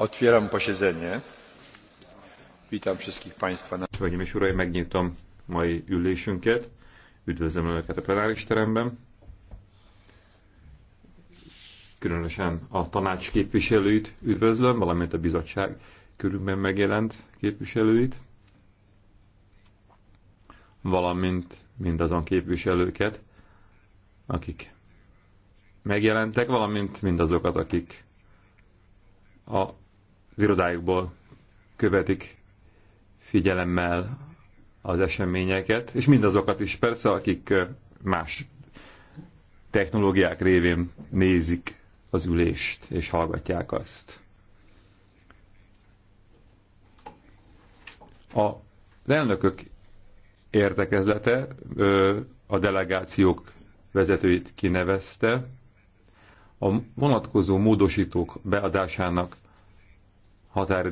Otwieram posiedzenie. Witam wszystkich Państwa. Hölgyeim és Uraim, megnyitom mai ülésünket. Üdvözlöm Önöket a plenáris teremben. Különösen a tanács képviselőit üdvözlöm, valamint a bizottság körülben megjelent képviselőit, valamint mindazon képviselőket, akik megjelentek, valamint mindazokat, akik a az irodájukból követik figyelemmel az eseményeket, és mindazokat is persze, akik más technológiák révén nézik az ülést, és hallgatják azt. A, elnökök értekezlete a delegációk vezetőit kinevezte, a vonatkozó módosítók beadásának határ